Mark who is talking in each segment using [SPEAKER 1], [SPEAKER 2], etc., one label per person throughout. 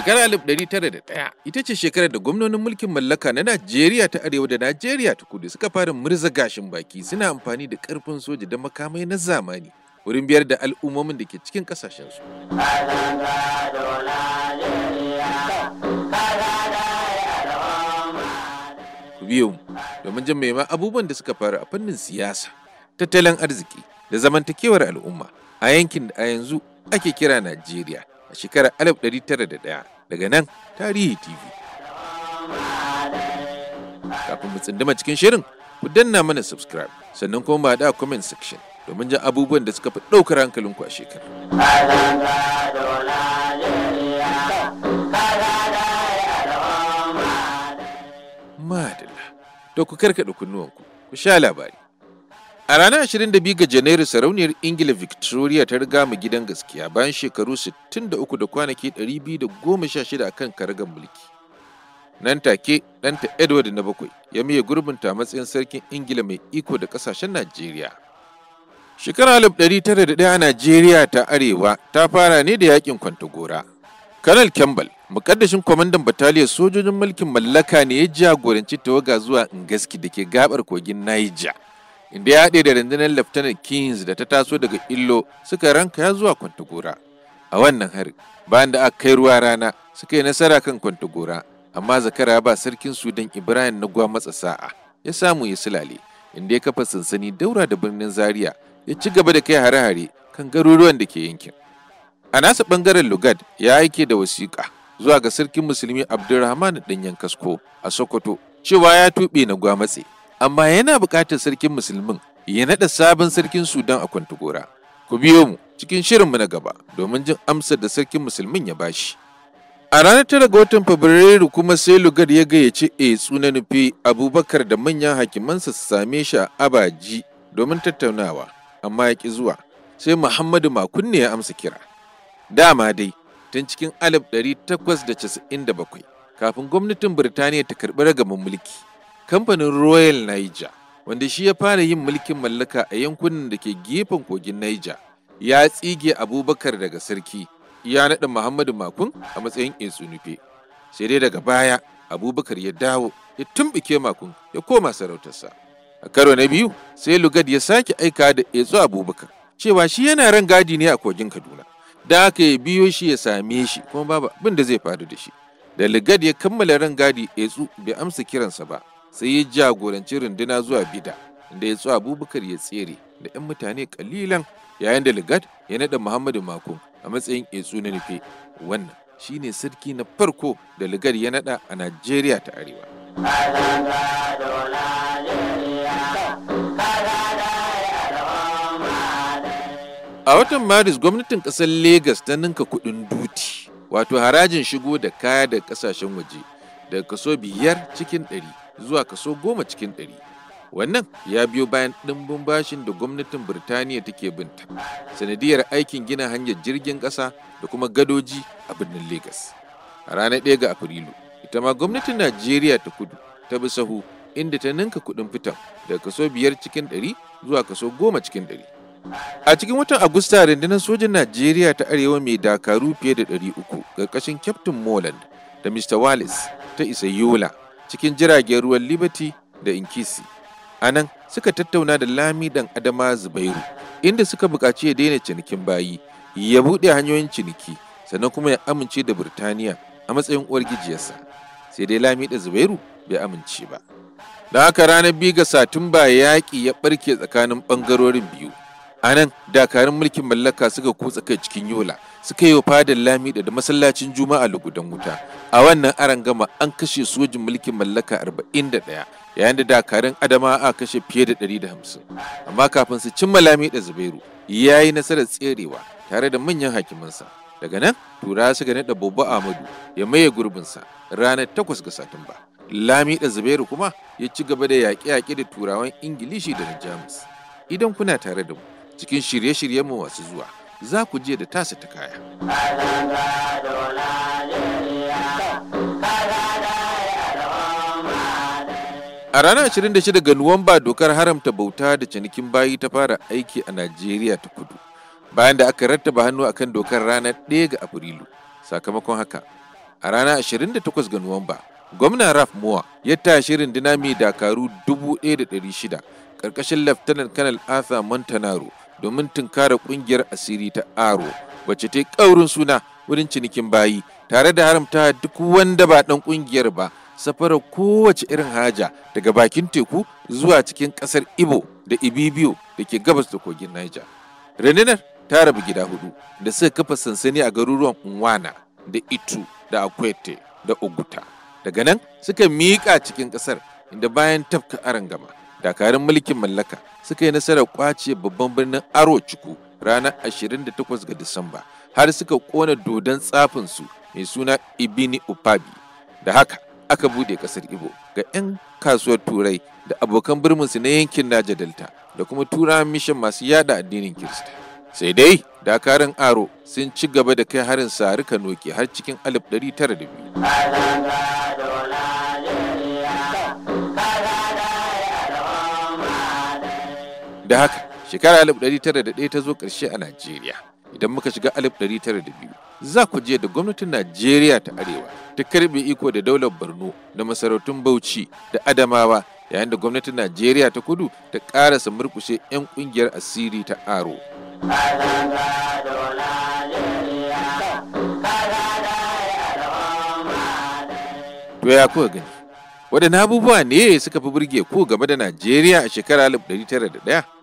[SPEAKER 1] Shekara 1901 ita ce shekarar da gwamnonin mulkin mallaka na Najeriya ta Arewa da Najeriya ta Kudu suka fara murza gashin baki suna amfani da karfin soja da makamai na zamani wurin biyar da al'ummomin da ke cikin kasashensu. Biyu domin jin mai abubuwan da suka faru a fannin siyasa, tattalin arziki da zamantakewar al'umma a yankin da a yanzu ake kira Najeriya. a shekarar 1901 daga nan tarihi tv kafin mu tsinduma cikin shirin ku danna mana subscribe sannan kuma ba da comment section domin jan abubuwan da suka fi ɗaukar hankalinku a shekarar. Madalla, to ku karkaɗa kunnuwanku, ku sha labari. A ranar 22 ga Janairu sarauniyar Ingila Victoria ta riga mu gidan gaskiya bayan shekaru 63 da kwanaki 216 a kan karagar mulki. Nan take ɗanta Edward na bakwai ya miye gurbinta matsayin sarkin Ingila mai iko da kasashen Najeriya. Shekarar 1901 a Najeriya ta Arewa ta fara ne da yakin Kwantagora. Kanal Campbell, mukaddashin kwamandan bataliyar sojojin mulkin mallaka ne ya jagoranci tawaga zuwa Ngaski da ke gabar kogin Niger. inda ya haɗe da rundunar Lieutenant Kings da ta taso daga Illo suka ranka ya zuwa Kwantagora. A wannan hari, bayan da aka kai ruwa rana suka yi nasara kan Kwantagora, amma zakara ba sarkin Sudan Ibrahim na gwa matsa sa'a ya samu ya silale, inda ya kafa sansani daura da birnin Zaria ya ci gaba da kai hare-hare kan garuruwan da ke yankin. A nasa bangaren Lugad ya aike da wasiƙa zuwa ga sarkin musulmi Abdulrahman ɗanyen kasko a Sokoto cewa ya tuɓe na gwamatse. matse. amma yana buƙatar sarkin musulmin ya naɗa sabon sarkin Sudan a Kwantagora. Ku biyo mu cikin shirin mu na gaba domin jin amsar da sarkin musulmin ya bashi. A ranar tara ga watan Fabrairu kuma sai Lugar ya gayyaci e eh, tsuna nufi Abubakar da manyan hakimansa su same shi a Abaji domin tattaunawa, amma ya ƙi zuwa. Sai Muhammadu Makunne ya amsa kira. Dama dai, tun cikin 1897 kafin gwamnatin Birtaniya ta karɓi ragamin mulki. kamfanin royal niger wanda shi ya fara yin mulkin mallaka a yankunan da ke gefen kogin niger ya tsige abubakar daga sarki ya naɗa muhammadu makun a matsayin etsunufe sai dai daga baya abubakar ya dawo ya tumbike makun ya koma sarautarsa a karo na biyu sai lugad ya sake aika da etsu abubakar cewa shi yana ran gadi ne a kogin kaduna da aka yi biyo shi ya same shi kuma babu abin da zai faru da shi da lugad ya kammala ran gadi etsu bai amsa kiransa ba sai ya jagoranci runduna zuwa bida inda ya tsu abubakar ya tsere da 'yan mutane kalilan yayin da ligat ya naɗa muhammadu mako a matsayin etsu na nufe wannan shine sarki na farko da ligat ya naɗa a najeriya ta arewa a watan maris gwamnatin ƙasar Legas ta ninka kudin duti wato harajin shigo da kaya da ƙasashen waje daga kaso biyar cikin ɗari zuwa kaso goma cikin ɗari. Wannan ya biyo bayan ɗimbin bashin da gwamnatin Birtaniya take binta, sanadiyar aikin gina hanyar jirgin ƙasa da kuma gadoji a birnin Legas. A ranar ɗaya ga Afrilu, ita ma gwamnatin Najeriya ta kudu ta bi sahu inda ta ninka kuɗin fitan daga kaso biyar cikin ɗari zuwa kaso goma cikin ɗari. A cikin watan Agusta rundunar sojin Najeriya ta arewa mai dakaru fiye da ɗari uku ƙarƙashin Kyaftin Moland da Mr. Wallace ta isa Yola cikin jiragen ruwan Liberty da Inkisi. A nan suka tattauna da Lami dan Adama Zubairu inda suka buƙaci ya daina cinikin bayi, ya buɗe hanyoyin ciniki, sannan kuma ya amince da Burtaniya a matsayin uwar gijiyarsa. Sai dai Lami da Zubairu bai amince ba. Da haka ranar biyu ga Satumba yaƙi ya ɓarke tsakanin ɓangarorin biyu. A nan dakarun mulkin mallaka suka kutsa kai cikin Yola suka yi wa fadar lamida da masallacin juma'a lugudan wuta a wannan aron gama an kashe sojin mulkin mallaka 41 yayin da dakarun adama a kashe fiye da 150 amma kafin su cimma lamida zubairu ya yi nasarar tserewa tare da manyan hakimansa daga nan tura suka naɗa bobo amadu ya maye gurbinsa ranar 8 ga satumba lamida zubairu kuma ya ci gaba da yaƙe-yaƙe da turawan ingilishi da na jamus idan kuna tare da mu cikin shirye-shiryenmu masu zuwa za ku je da tasa ta kaya. A ranar 26 ga Nuwamba dokar haramta bauta da cinikin bayi ta fara aiki a Najeriya ta kudu, bayan da aka rattaba hannu akan dokar ranar 1 ga Afrilu. Sakamakon haka, a ranar 28 ga Nuwamba, gwamna Raf Moa ya tashi rundunar mai dakaru 1,600 ƙarƙashin Laftanar Kanal Arthur Montanaro domin tunkara ƙungiyar asiri ta aro wacce ta yi ƙaurin suna wurin cinikin bayi tare da haramta duk wanda ba ɗan ƙungiyar ba safarar kowace irin haja daga bakin teku zuwa cikin ƙasar ibo da ibibio da ke gabas da kogin niger Raninar ta rabu gida hudu da suka kafa sansani a garuruwan unwana da itu da akwete da oguta daga nan suka miƙa cikin ƙasar inda bayan tafka arangama dakarun mulkin mallaka suka yi nasarar kwace babban birnin aro ciku ranar 28 ga disamba har suka kona dodon tsafinsu mai suna ibini upabi da haka aka bude kasar ibo ga 'yan kasuwar turai da abokan birminsu na yankin naja delta da kuma turawan mishan masu yada addinin kirista sai dai dakarun aro sun ci gaba da kai harin sarika noki har cikin 1902 da haka shekara alif tara da ɗaya ta zo ƙarshe a najeriya idan muka shiga alif tara da biyu za ku je da gwamnatin najeriya ta arewa ta karbe iko da daular borno da masarautun bauchi da adamawa yayin da gwamnatin najeriya ta kudu ta karasa murkushe 'yan kungiyar asiri ta aro to ya kuwa gani waɗanne abubuwa ne suka fi burge ku game da najeriya a shekarar 1901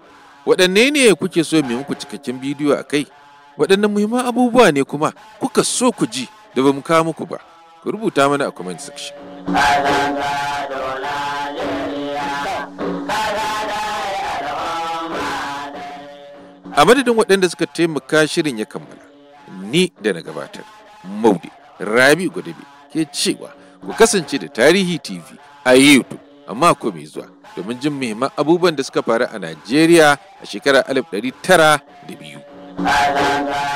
[SPEAKER 1] waɗanne ne kuke so mu muku cikakken bidiyo a kai waɗannan muhimman abubuwa ne kuma kuka so ku ji da ba mu kawo muku ba ku rubuta mana a comment section a madadin waɗanda suka taimaka shirin ya kammala ni da na gabatar maude rabi gwadabe ke cewa ku kasance da tarihi tv a youtube a mako mai zuwa domin jin muhimman abubuwan da suka faru a Najeriya a shekarar 1902.